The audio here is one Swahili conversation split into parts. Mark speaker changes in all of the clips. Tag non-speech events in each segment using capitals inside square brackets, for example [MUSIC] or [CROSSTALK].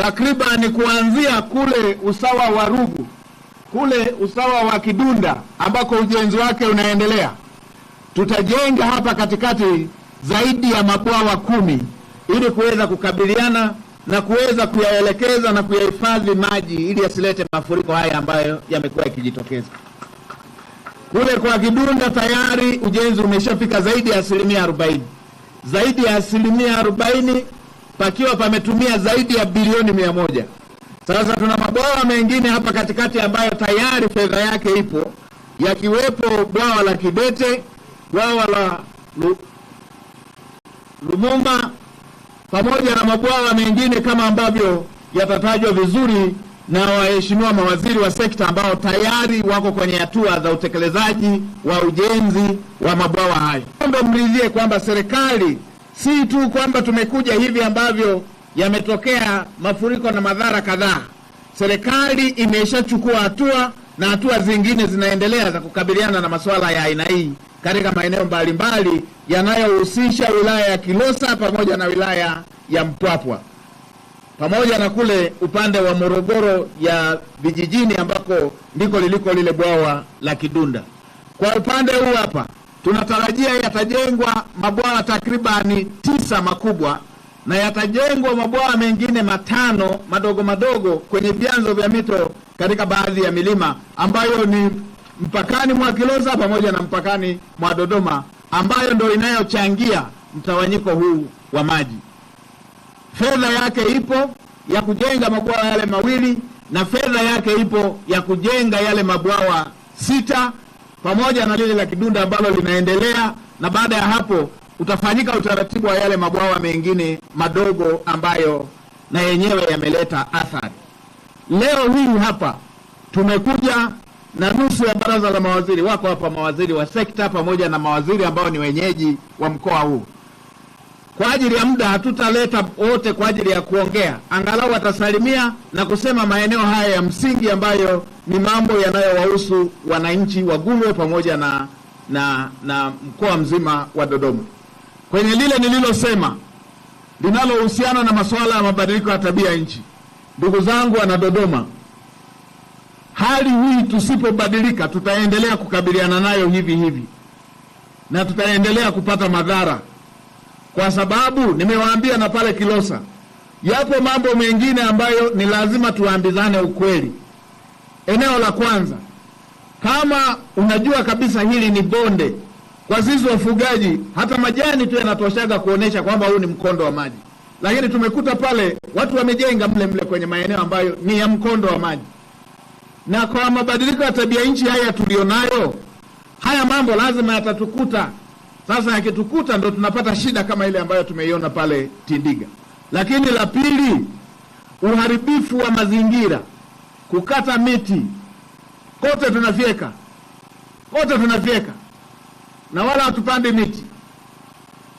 Speaker 1: takriban kuanzia kule usawa wa Rugu kule usawa wa Kidunda ambako ujenzi wake unaendelea. Tutajenga hapa katikati zaidi ya mabwawa kumi ili kuweza kukabiliana na kuweza kuyaelekeza na kuyahifadhi maji ili yasilete mafuriko haya ambayo yamekuwa yakijitokeza kule kwa Kidunda. Tayari ujenzi umeshafika zaidi ya asilimia arobaini, zaidi ya asilimia arobaini pakiwa pametumia zaidi ya bilioni mia moja. Sasa tuna mabwawa mengine hapa katikati ambayo tayari fedha yake ipo, yakiwepo bwawa la Kidete, bwawa la Lumumba pamoja na mabwawa mengine kama ambavyo yatatajwa vizuri na waheshimiwa mawaziri wa sekta ambao tayari wako kwenye hatua za utekelezaji wa ujenzi wa mabwawa hayo. Naomba mridhie kwamba serikali si tu kwamba tumekuja hivi ambavyo yametokea mafuriko na madhara kadhaa. Serikali imeshachukua hatua na hatua zingine zinaendelea za kukabiliana na masuala ya aina hii katika maeneo mbalimbali yanayohusisha wilaya ya Kilosa pamoja na wilaya ya Mpwapwa pamoja na kule upande wa Morogoro ya vijijini ambako ndiko liliko lile bwawa la Kidunda. Kwa upande huu hapa Tunatarajia yatajengwa mabwawa takribani tisa makubwa na yatajengwa mabwawa mengine matano madogo madogo kwenye vyanzo vya mito katika baadhi ya milima ambayo ni mpakani mwa Kilosa pamoja na mpakani mwa Dodoma, ambayo ndo inayochangia mtawanyiko huu wa maji. Fedha yake ipo ya kujenga mabwawa yale mawili na fedha yake ipo ya kujenga yale mabwawa sita pamoja na lile la Kidunda ambalo linaendelea, na baada ya hapo utafanyika utaratibu wa yale mabwawa mengine madogo ambayo na yenyewe yameleta athari. Leo hii hapa tumekuja na nusu ya baraza la mawaziri. Wako hapa mawaziri wa sekta pamoja na mawaziri ambao ni wenyeji wa mkoa huu. Kwa ajili ya muda, hatutaleta wote kwa ajili ya kuongea, angalau watasalimia na kusema maeneo haya ya msingi ambayo ni mambo yanayowahusu wananchi wa Gulwe pamoja na, na, na mkoa mzima wa Dodoma. Kwenye lile nililosema linalohusiana na masuala ya mabadiliko ya tabia nchi, ndugu zangu wana Dodoma, hali hii tusipobadilika, tutaendelea kukabiliana nayo hivi hivi na tutaendelea kupata madhara, kwa sababu nimewaambia na pale Kilosa, yapo mambo mengine ambayo ni lazima tuambizane ukweli. Eneo la kwanza, kama unajua kabisa hili ni bonde, kwa sisi wafugaji hata majani tu yanatoshaga kuonesha kwamba huu ni mkondo wa maji, lakini tumekuta pale watu wamejenga mle mle kwenye maeneo ambayo ni ya mkondo wa maji, na kwa mabadiliko ya tabia nchi haya tulionayo, haya mambo lazima yatatukuta. Sasa yakitukuta, ndo tunapata shida kama ile ambayo tumeiona pale Tindiga. Lakini la pili, uharibifu wa mazingira kukata miti, kote tunavyeka kote tunavyeka na wala hatupandi miti,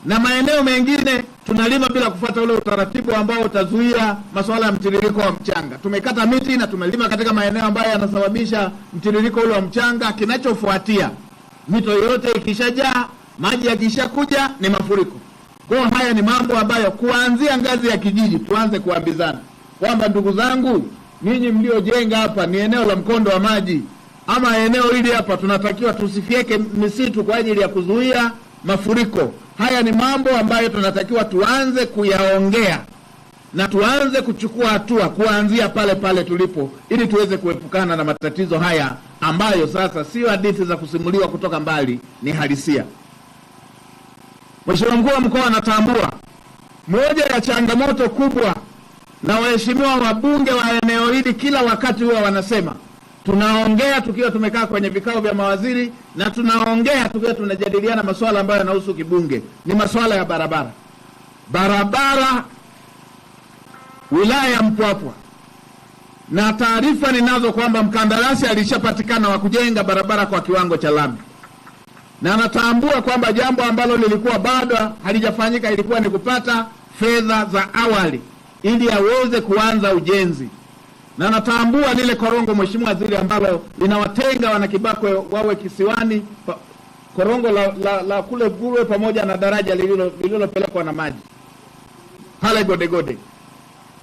Speaker 1: na maeneo mengine tunalima bila kufuata ule utaratibu ambao utazuia masuala ya mtiririko wa mchanga. Tumekata miti na tumelima katika maeneo ambayo yanasababisha mtiririko ule wa mchanga. Kinachofuatia, mito yote ikishajaa maji, yakishakuja ni mafuriko. Kwa haya ni mambo ambayo kuanzia ngazi ya kijiji tuanze kuambizana kwamba, ndugu zangu nyinyi mliojenga hapa ni eneo la mkondo wa maji, ama eneo hili hapa tunatakiwa tusifieke misitu kwa ajili ya kuzuia mafuriko. Haya ni mambo ambayo tunatakiwa tuanze kuyaongea na tuanze kuchukua hatua kuanzia pale pale tulipo, ili tuweze kuepukana na matatizo haya ambayo sasa sio hadithi za kusimuliwa kutoka mbali, ni halisia. Mheshimiwa mkuu wa mkoa anatambua moja ya changamoto kubwa na waheshimiwa wabunge wa eneo hili kila wakati huwa wanasema tunaongea tukiwa tumekaa kwenye vikao vya mawaziri na tunaongea tukiwa tunajadiliana masuala ambayo yanahusu kibunge. Ni masuala ya barabara, barabara wilaya ya Mpwapwa, na taarifa ninazo kwamba mkandarasi alishapatikana wa kujenga barabara kwa kiwango cha lami, na natambua kwamba jambo ambalo lilikuwa bado halijafanyika ilikuwa ni kupata fedha za awali ili aweze kuanza ujenzi, na natambua lile korongo, Mheshimiwa Waziri, ambalo linawatenga wanakibakwe wawe kisiwani, korongo la, la, la kule Gurwe pamoja na daraja lililopelekwa na maji pale Godegode.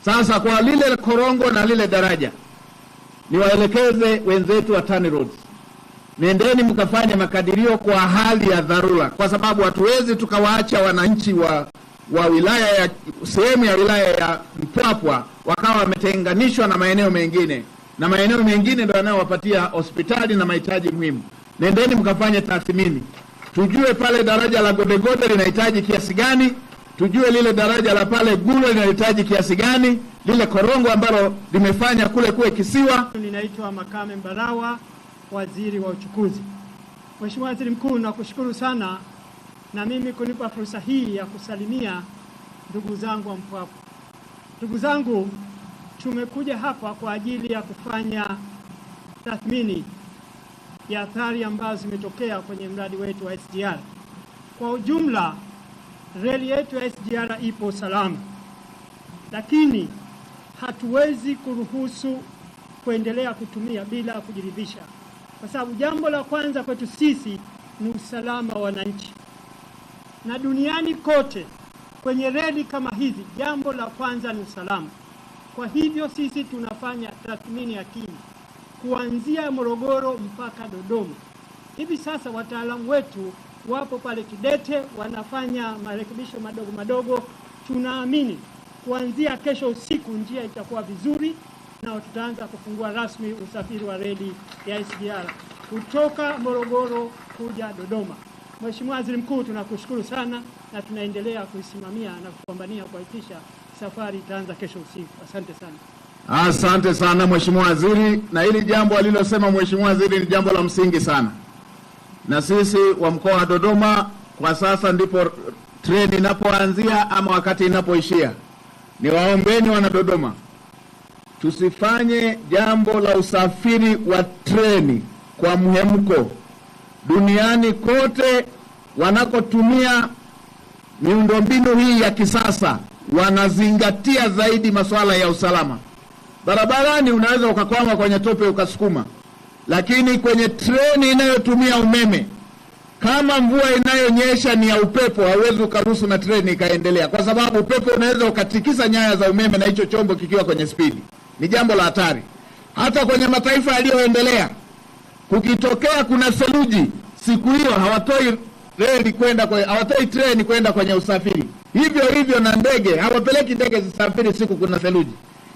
Speaker 1: Sasa kwa lile korongo na lile daraja, niwaelekeze wenzetu wa TANROADS, nendeni mkafanye makadirio kwa hali ya dharura, kwa sababu hatuwezi tukawaacha wananchi wa wa wilaya ya sehemu ya wilaya ya Mpwapwa wakawa wametenganishwa na maeneo mengine, na maeneo mengine ndio yanayowapatia hospitali na mahitaji muhimu. Nendeni mkafanye tathmini, tujue pale daraja la Godegode linahitaji kiasi gani, tujue lile daraja la pale Gulo linahitaji kiasi gani, lile korongo ambalo limefanya kule kuwe kisiwa.
Speaker 2: Ninaitwa Makame Mbarawa, waziri wa uchukuzi. Mheshimiwa Waziri Mkuu, nakushukuru sana na mimi kunipa fursa hii ya kusalimia ndugu zangu wa Mpwapwa. Ndugu zangu, tumekuja hapa kwa ajili ya kufanya tathmini ya athari ambazo zimetokea kwenye mradi wetu wa SGR. Kwa ujumla, reli yetu ya SGR ipo salama, lakini hatuwezi kuruhusu kuendelea kutumia bila kujiridhisha, kwa sababu jambo la kwanza kwetu sisi ni usalama wa wananchi na duniani kote kwenye reli kama hizi, jambo la kwanza ni usalama. Kwa hivyo sisi tunafanya tathmini ya kina kuanzia Morogoro mpaka Dodoma. Hivi sasa wataalamu wetu wapo pale Kidete wanafanya marekebisho madogo madogo. Tunaamini kuanzia kesho usiku njia itakuwa vizuri na tutaanza kufungua rasmi usafiri wa reli ya SGR kutoka Morogoro kuja Dodoma. Mheshimiwa Waziri Mkuu, tunakushukuru sana na tunaendelea kuisimamia na kupambania kuhakikisha safari itaanza kesho usiku. Asante sana.
Speaker 3: Asante sana Mheshimiwa Waziri, na hili jambo alilosema Mheshimiwa Waziri ni jambo la msingi sana, na sisi wa mkoa wa Dodoma kwa sasa ndipo treni inapoanzia ama wakati inapoishia. Niwaombeni wana Dodoma, tusifanye jambo la usafiri wa treni kwa mhemko duniani kote wanakotumia miundombinu hii ya kisasa wanazingatia zaidi masuala ya usalama. Barabarani unaweza ukakwama kwenye tope ukasukuma, lakini kwenye treni inayotumia umeme, kama mvua inayonyesha ni ya upepo, hauwezi ukaruhusu na treni ikaendelea, kwa sababu upepo unaweza ukatikisa nyaya za umeme na hicho chombo kikiwa kwenye spidi. Ni jambo la hatari. Hata kwenye mataifa yaliyoendelea, kukitokea kuna theluji siku hiyo hawatoi reli kwenda kwa, hawatoi treni kwenda kwenye usafiri. Hivyo hivyo na ndege, hawapeleki ndege zisafiri siku kuna theluji.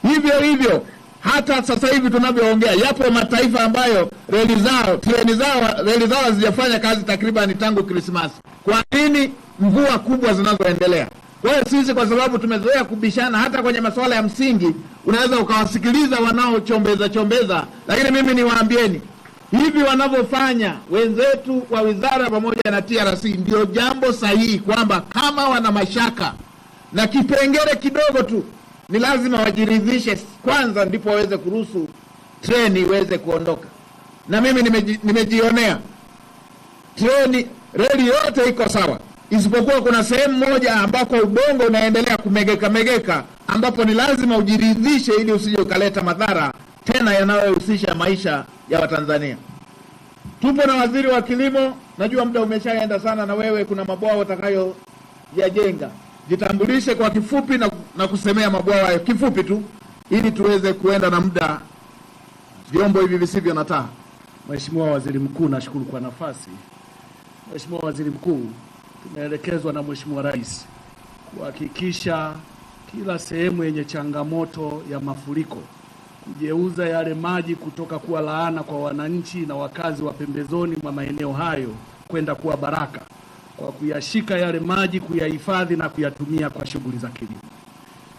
Speaker 3: Hivyo hivyo hata sasa hivi tunavyoongea, yapo mataifa ambayo reli zao treni zao reli zao hazijafanya kazi takriban tangu krismas Kwa nini? Mvua kubwa zinazoendelea. Kwa hiyo sisi, kwa sababu tumezoea kubishana hata kwenye masuala ya msingi, unaweza ukawasikiliza wanaochombeza chombeza, lakini mimi niwaambieni hivi wanavyofanya wenzetu wa wizara pamoja na TRC ndio jambo sahihi, kwamba kama wana mashaka na kipengele kidogo tu ni lazima wajiridhishe kwanza, ndipo waweze kuruhusu treni iweze kuondoka. Na mimi nimeji, nimejionea treni, reli yote iko sawa, isipokuwa kuna sehemu moja ambako ubongo unaendelea kumegeka megeka, ambapo ni lazima ujiridhishe ili usije ukaleta madhara tena yanayohusisha maisha ya Watanzania. Tupo na waziri wa kilimo, najua muda umeshaenda sana, na wewe kuna mabwawa utakayoyajenga. Jitambulishe kwa kifupi na, na kusemea mabwawa hayo kifupi tu, ili tuweze kuenda na muda, vyombo hivi visivyo na taa.
Speaker 4: Mheshimiwa Waziri Mkuu, nashukuru kwa nafasi. Mheshimiwa Waziri Mkuu, tumeelekezwa na Mheshimiwa Rais kuhakikisha kila sehemu yenye changamoto ya mafuriko kujeuza yale maji kutoka kuwa laana kwa wananchi na wakazi wa pembezoni mwa maeneo hayo kwenda kuwa baraka kwa kuyashika yale maji, kuyahifadhi na kuyatumia kwa shughuli za kilimo.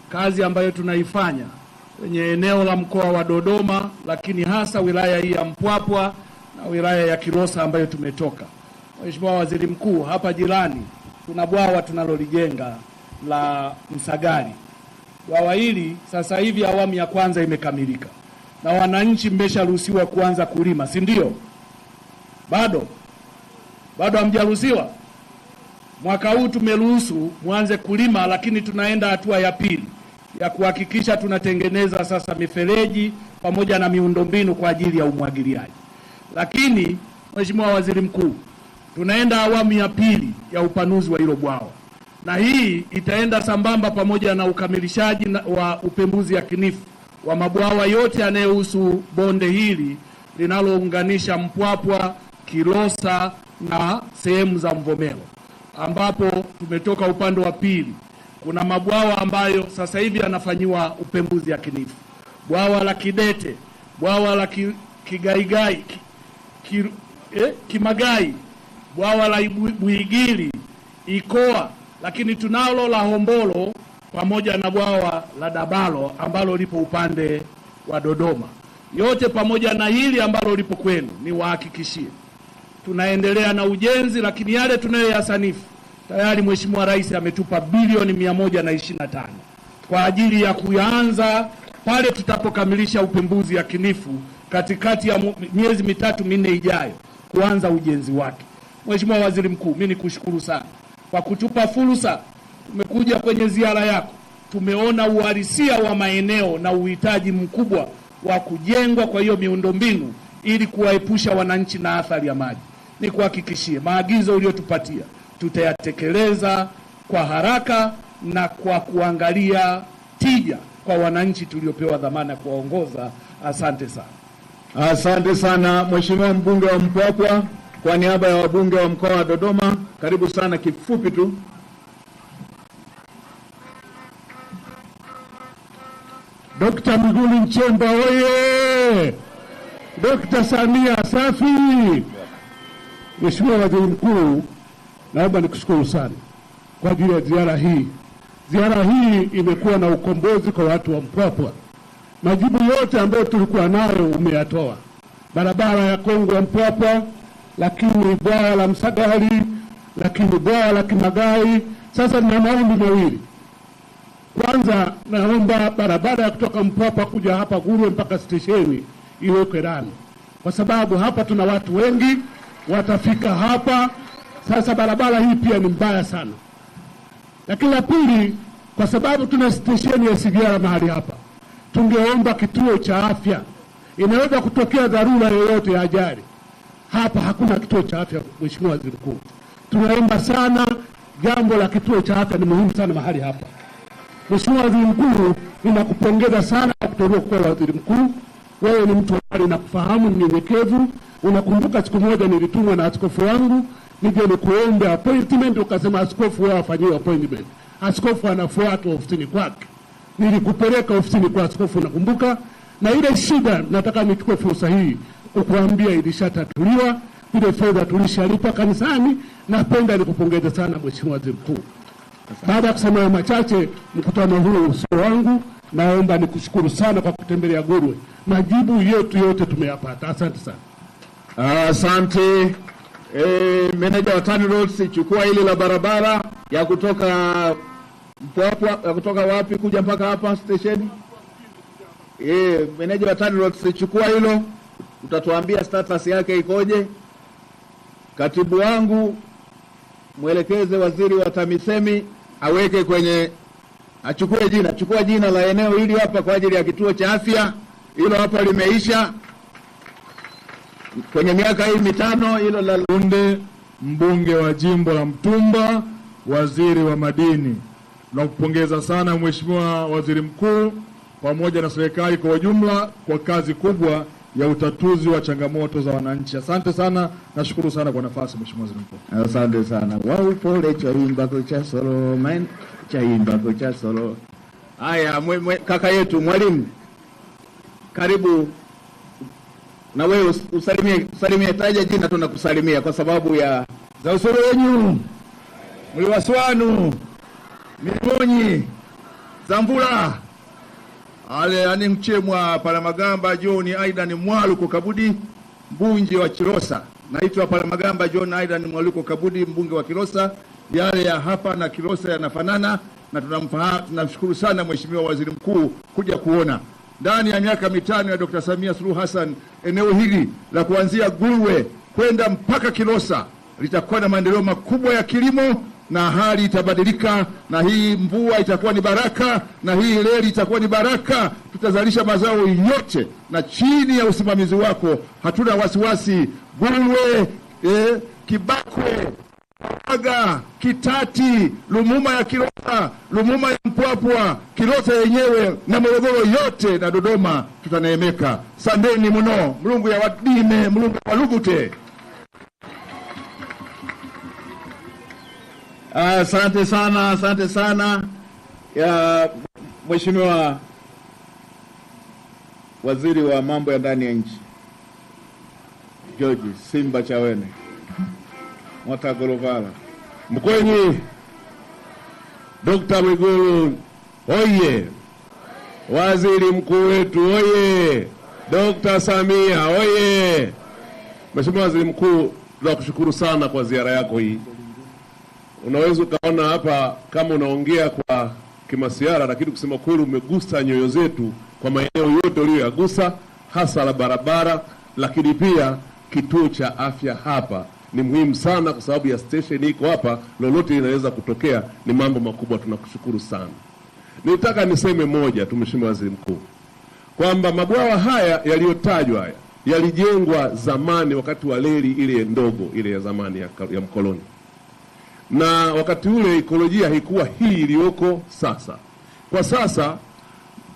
Speaker 4: Kazi ambayo tunaifanya kwenye eneo la mkoa wa Dodoma, lakini hasa wilaya hii ya Mpwapwa na wilaya ya Kilosa ambayo tumetoka. Mheshimiwa Waziri Mkuu, hapa jirani tuna bwawa tunalolijenga la Msagari bwawa hili sasa hivi awamu ya kwanza imekamilika na wananchi mmesharuhusiwa kuanza kulima, si ndio? Bado bado hamjaruhusiwa? Mwaka huu tumeruhusu mwanze kulima, lakini tunaenda hatua ya pili ya kuhakikisha tunatengeneza sasa mifereji pamoja na miundombinu kwa ajili ya umwagiliaji. Lakini Mheshimiwa Waziri Mkuu, tunaenda awamu ya pili ya upanuzi wa hilo bwawa na hii itaenda sambamba pamoja na ukamilishaji wa upembuzi yakinifu wa mabwawa yote yanayohusu bonde hili linalounganisha Mpwapwa, Kilosa na sehemu za Mvomero, ambapo tumetoka upande wa pili. Kuna mabwawa ambayo sasa hivi yanafanyiwa upembuzi yakinifu: bwawa la Kidete, bwawa la ki, Kigaigai, ki, eh, Kimagai, bwawa la Buigili, Ikoa lakini tunalo la Hombolo pamoja na bwawa la Dabalo ambalo lipo upande wa Dodoma. Yote pamoja na hili ambalo lipo kwenu, niwahakikishie tunaendelea na ujenzi, lakini yale tunayoyasanifu tayari Mheshimiwa Rais ametupa bilioni mia moja na ishirini na tano kwa ajili ya kuyaanza pale tutapokamilisha upembuzi yakinifu katikati ya miezi mitatu minne ijayo kuanza ujenzi wake. Mheshimiwa Waziri Mkuu, mimi nikushukuru sana kwa kutupa fursa. Tumekuja kwenye ziara yako, tumeona uhalisia wa maeneo na uhitaji mkubwa wa kujengwa kwa hiyo miundombinu ili kuwaepusha wananchi na athari ya maji. Nikuhakikishie, maagizo uliyotupatia tutayatekeleza kwa haraka na kwa kuangalia tija kwa wananchi tuliopewa dhamana ya kuwaongoza. Asante sana,
Speaker 3: asante sana Mheshimiwa mbunge wa Mpwapwa. Kwa niaba ya wabunge wa mkoa wa Dodoma, karibu sana. Kifupi tu, Dr. Mwigulu Nchemba oye! Dr. Samia safi! Mheshimiwa Waziri Mkuu, naomba nikushukuru sana kwa ajili ya ziara hii. Ziara hii imekuwa na ukombozi kwa watu wa Mpwapwa. Majibu yote ambayo tulikuwa nayo umeyatoa. Barabara ya Kongwa Mpwapwa lakini bwawa la Msagali, lakini bwawa la Kimagai. Sasa nina maombi mawili. Kwanza naomba barabara ya kutoka Mpwapwa kuja hapa Gurwe mpaka stesheni iwekwe rani kwa sababu hapa tuna watu wengi watafika hapa. Sasa barabara hii pia ni mbaya sana. Lakini la pili, kwa sababu tuna stesheni ya sigara mahali hapa, tungeomba kituo cha afya, inaweza kutokea dharura yoyote ya ajali hapa hakuna kituo cha afya. Mheshimiwa Waziri Mkuu, tunaomba sana, jambo la kituo cha afya ni muhimu sana mahali hapa. Mheshimiwa Waziri Mkuu, ninakupongeza sana kwa kuteuliwa kuwa waziri mkuu. Wewe ni mtu ambaye nakufahamu, mnyenyekevu. Unakumbuka siku moja nilitumwa na askofu wangu nije nikuombe appointment, ukasema askofu wewe afanyiwe appointment. Askofu anafuatwa ofisini kwake, nilikupeleka ofisini kwa askofu, nakumbuka. Na ile shida nataka nichukue fursa hii kukuambia ilishatatuliwa ile fedha tulishalipa kanisani. Napenda nikupongeze sana Mheshimiwa Waziri Mkuu. Baada ya kusema machache, mkutano huu usio wangu. Naomba nikushukuru sana kwa kutembelea Gurwe. Majibu yetu yote tumeyapata, asante sana. Asante e, meneja wa TANROADS, chukua hili la barabara ya kutoka Mpwapwa, ya kutoka wapi kuja mpaka hapa stesheni. E, eh, meneja wa TANROADS, chukua hilo utatuambia status yake ikoje? Katibu wangu mwelekeze waziri wa TAMISEMI aweke kwenye, achukue jina, chukua jina la eneo hili hapa kwa ajili ya kituo cha afya hilo hapa limeisha kwenye miaka hii mitano, hilo la Lunde, mbunge wa jimbo la Mtumba, waziri wa madini. Nakupongeza sana Mheshimiwa Waziri Mkuu pamoja na serikali kwa ujumla kwa kazi kubwa ya utatuzi wa changamoto za wananchi. Asante sana, nashukuru sana kwa nafasi Mheshimiwa Waziri Mkuu.
Speaker 5: Asante sana. Waupole chaimbako cha solo main chaimbako cha solo. Haya, kaka yetu mwalimu, karibu na wewe usalimie, usalimie, taja jina tu kwa sababu ya za usoro wenyu mliwaswanu mimonyi za mvula ale ani mchemwa palamagamba john aidan mwaluko kabudi mbunge wa kilosa naitwa palamagamba john aidan mwaluko kabudi mbunge wa kilosa yale ya hapa na kilosa yanafanana na tunamshukuru sana mheshimiwa waziri mkuu kuja kuona ndani ya miaka mitano ya dr samia suluhu hassan eneo hili la kuanzia gulwe kwenda mpaka kilosa litakuwa na maendeleo makubwa ya kilimo na hali itabadilika, na hii mvua itakuwa ni baraka, na hii reli itakuwa ni baraka. Tutazalisha mazao yote, na chini ya usimamizi wako hatuna wasiwasi. Gulwe eh, Kibakwe, Aga, Kitati, Lumuma ya Kilota, Lumuma ya Mpwapwa, Kilota yenyewe na Morogoro yote na Dodoma tutaneemeka. Sandeni mno Mlungu ya wadime Mlungu ya walugute
Speaker 3: Ah, asante uh, sana, asante sana ya Mheshimiwa Waziri wa Mambo ya Ndani ya Nchi George Simba Chawene [LAUGHS] Mwatagorovala Mkwenyi, Dr. Mwigulu oye! Waziri mkuu wetu oye! Dr. Samia oye! Mheshimiwa Waziri Mkuu, tunakushukuru sana kwa ziara yako hii. Unaweza ukaona hapa kama unaongea kwa kimasiara, lakini kusema kweli umegusa nyoyo zetu kwa maeneo yote uliyoyagusa, hasa la barabara, lakini pia kituo cha afya hapa ni muhimu sana kwa sababu ya station iko hapa, lolote linaweza kutokea. Ni mambo makubwa, tunakushukuru sana. Nitaka niseme moja tu, Mheshimiwa Waziri Mkuu, kwamba mabwawa haya yaliyotajwa haya yalijengwa zamani wakati wa reli ile ndogo ile ya zamani ya, ya mkoloni na wakati ule ekolojia haikuwa hii iliyoko sasa. Kwa sasa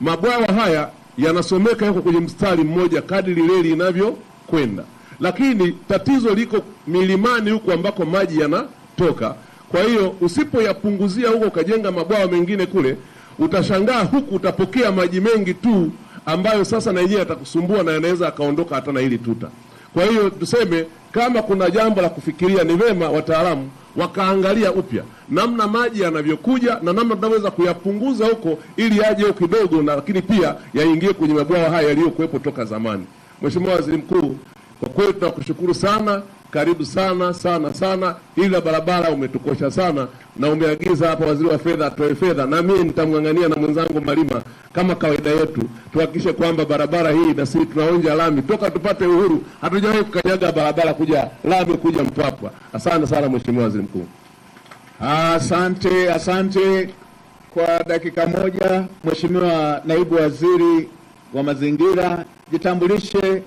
Speaker 3: mabwawa haya yanasomeka yako kwenye mstari mmoja kadiri reli inavyokwenda, lakini tatizo liko milimani huko ambako maji yanatoka. Kwa hiyo usipoyapunguzia huko ukajenga mabwawa mengine kule, utashangaa huku utapokea maji mengi tu ambayo sasa na yenyewe yatakusumbua na yanaweza akaondoka hata na hili tuta. Kwa hiyo tuseme kama kuna jambo la kufikiria, ni vema wataalamu wakaangalia upya namna maji yanavyokuja na namna tunaweza kuyapunguza huko ili yaje huko kidogo, na lakini pia yaingie kwenye mabwawa haya yaliyokuwepo toka zamani. Mheshimiwa Waziri Mkuu, kwa kweli tunakushukuru sana karibu sana sana sana. Hili la barabara umetukosha sana, na umeagiza hapa waziri wa fedha atoe fedha, na mimi nitamng'ang'ania na mwenzangu Malima kama kawaida yetu, tuhakikishe kwamba barabara hii, na sisi tunaonja lami toka tupate uhuru, hatujawahi kukanyaga barabara kuja lami kuja Mpwapwa. Asante sana Mheshimiwa Waziri Mkuu. Asante, asante kwa dakika moja. Mheshimiwa Naibu Waziri wa Mazingira, jitambulishe.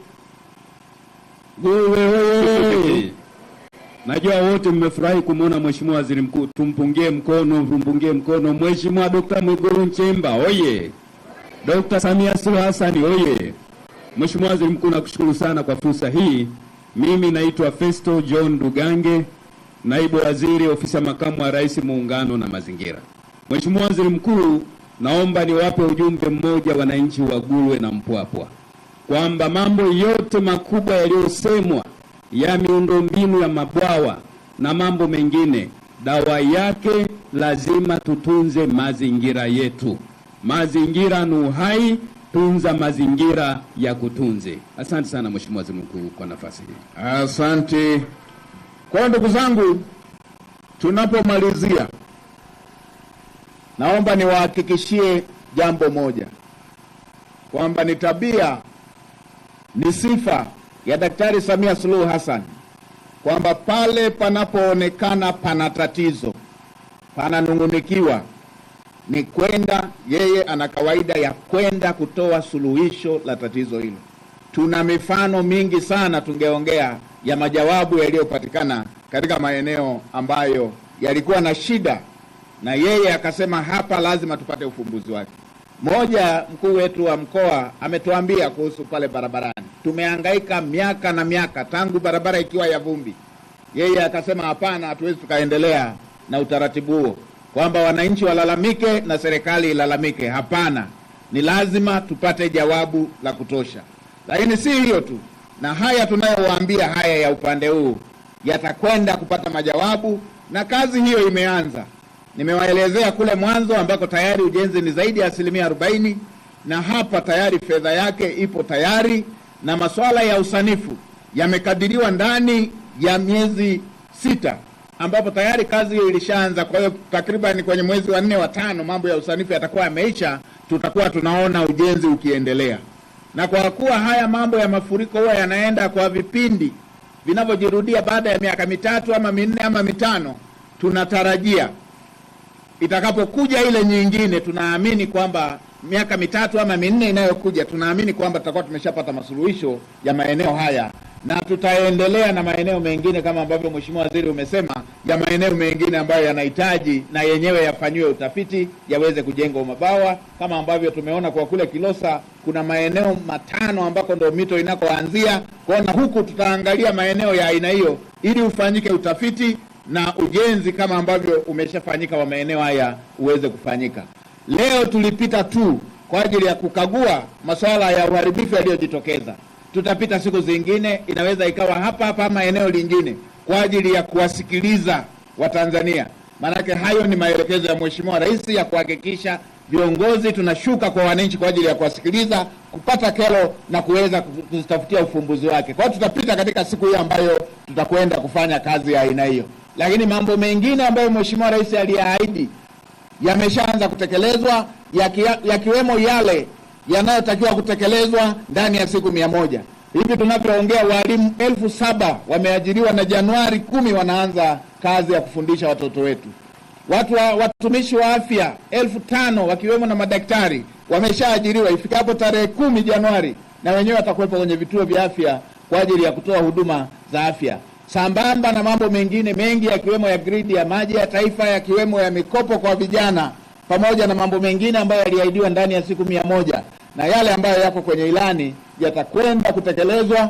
Speaker 3: Wewe Najua wote mmefurahi kumwona Mheshimiwa Waziri Mkuu, tumpungie mkono, tumpungie mkono Mheshimiwa Dkt. Mwigulu Nchemba oye! Dkt. Samia Suluhu Hassan oye! Mheshimiwa Waziri Mkuu, nakushukuru sana kwa fursa hii. Mimi naitwa Festo John Dugange, naibu waziri ofisi ya makamu wa rais muungano na mazingira. Mheshimiwa Waziri Mkuu, naomba niwape ujumbe mmoja wananchi wa Gulwe na Mpwapwa kwamba mambo yote makubwa yaliyosemwa ya miundombinu ya mabwawa na mambo mengine, dawa yake lazima tutunze mazingira yetu. Mazingira ni uhai, tunza mazingira ya kutunze. Asante sana Mheshimiwa Waziri Mkuu kwa nafasi hii, asante. Kwa ndugu zangu, tunapomalizia, naomba niwahakikishie jambo moja kwamba ni tabia, ni sifa ya Daktari Samia Suluhu Hassan kwamba pale panapoonekana pana tatizo, pananung'unikiwa, ni kwenda yeye, ana kawaida ya kwenda kutoa suluhisho la tatizo hilo. Tuna mifano mingi sana, tungeongea ya majawabu yaliyopatikana katika maeneo ambayo yalikuwa na shida, na yeye akasema hapa lazima tupate ufumbuzi wake. Moja, mkuu wetu wa mkoa ametuambia kuhusu pale barabarani tumehangaika miaka na miaka tangu barabara ikiwa ya vumbi. Yeye akasema hapana, hatuwezi tukaendelea na utaratibu huo, kwamba wananchi walalamike na serikali ilalamike. Hapana, ni lazima tupate jawabu la kutosha. Lakini si hiyo tu, na haya tunayowaambia haya ya upande huu yatakwenda kupata majawabu, na kazi hiyo imeanza. Nimewaelezea kule mwanzo ambako tayari ujenzi ni zaidi ya asilimia arobaini na hapa tayari fedha yake ipo tayari na masuala ya usanifu yamekadiriwa ndani ya miezi sita, ambapo tayari kazi hiyo ilishaanza. Kwa hiyo takriban kwenye mwezi wa nne wa tano mambo ya usanifu yatakuwa yameisha, tutakuwa tunaona ujenzi ukiendelea. Na kwa kuwa haya mambo ya mafuriko huwa yanaenda kwa vipindi vinavyojirudia baada ya miaka mitatu ama minne ama mitano, tunatarajia itakapokuja ile nyingine, tunaamini kwamba miaka mitatu ama minne inayokuja, tunaamini kwamba tutakuwa tumeshapata masuluhisho ya maeneo haya na tutaendelea na maeneo mengine kama ambavyo Mheshimiwa Waziri umesema, ya maeneo mengine ambayo yanahitaji na yenyewe yafanyiwe utafiti yaweze kujengwa mabawa, kama ambavyo tumeona kwa kule Kilosa kuna maeneo matano ambako ndo mito inakoanzia kuona. Huku tutaangalia maeneo ya aina hiyo ili ufanyike utafiti na ujenzi kama ambavyo umeshafanyika wa maeneo haya uweze kufanyika. Leo tulipita tu kwa ajili ya kukagua masuala ya uharibifu yaliyojitokeza. Tutapita siku zingine, inaweza ikawa hapa hapa ama eneo lingine, kwa ajili ya kuwasikiliza Watanzania, maanake hayo ni maelekezo ya Mheshimiwa Rais ya kuhakikisha viongozi tunashuka kwa wananchi kwa ajili ya kuwasikiliza, kupata kero na kuweza kuzitafutia ufumbuzi wake. Kwa hiyo tutapita katika siku hiyo ambayo tutakwenda kufanya kazi ya aina hiyo, lakini mambo mengine ambayo Mheshimiwa Rais aliyaahidi yameshaanza kutekelezwa yakiwemo ya yale yanayotakiwa kutekelezwa ndani ya siku mia moja. Hivi tunavyoongea walimu elfu saba wameajiriwa na Januari kumi wanaanza kazi ya kufundisha watoto wetu. Watu wa, watumishi wa afya elfu tano wakiwemo na madaktari wameshaajiriwa ifikapo tarehe kumi Januari, na wenyewe watakuwepo kwenye vituo vya afya kwa ajili ya kutoa huduma za afya sambamba na mambo mengine mengi yakiwemo ya gridi ya maji ya taifa, yakiwemo ya mikopo kwa vijana, pamoja na mambo mengine ambayo yaliahidiwa ndani ya siku mia moja na yale ambayo yako kwenye ilani yatakwenda kutekelezwa.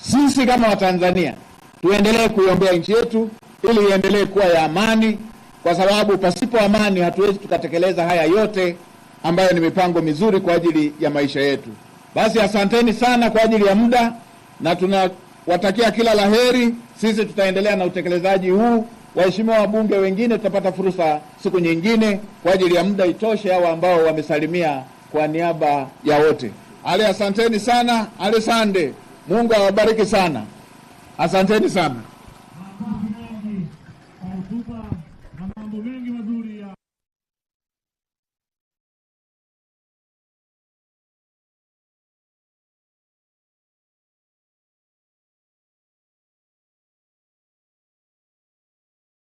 Speaker 3: Sisi kama Watanzania tuendelee kuiombea nchi yetu ili iendelee kuwa ya amani, kwa sababu pasipo amani hatuwezi tukatekeleza haya yote ambayo ni mipango mizuri kwa ajili ya maisha yetu. Basi asanteni sana kwa ajili ya muda na tuna watakia kila laheri. Sisi tutaendelea na utekelezaji huu. Waheshimiwa wabunge wengine tutapata fursa siku nyingine kwa ajili ya muda itoshe, hawa ambao wamesalimia kwa niaba ya wote. Ale, asanteni sana. Ale sande, Mungu awabariki sana, asanteni sana.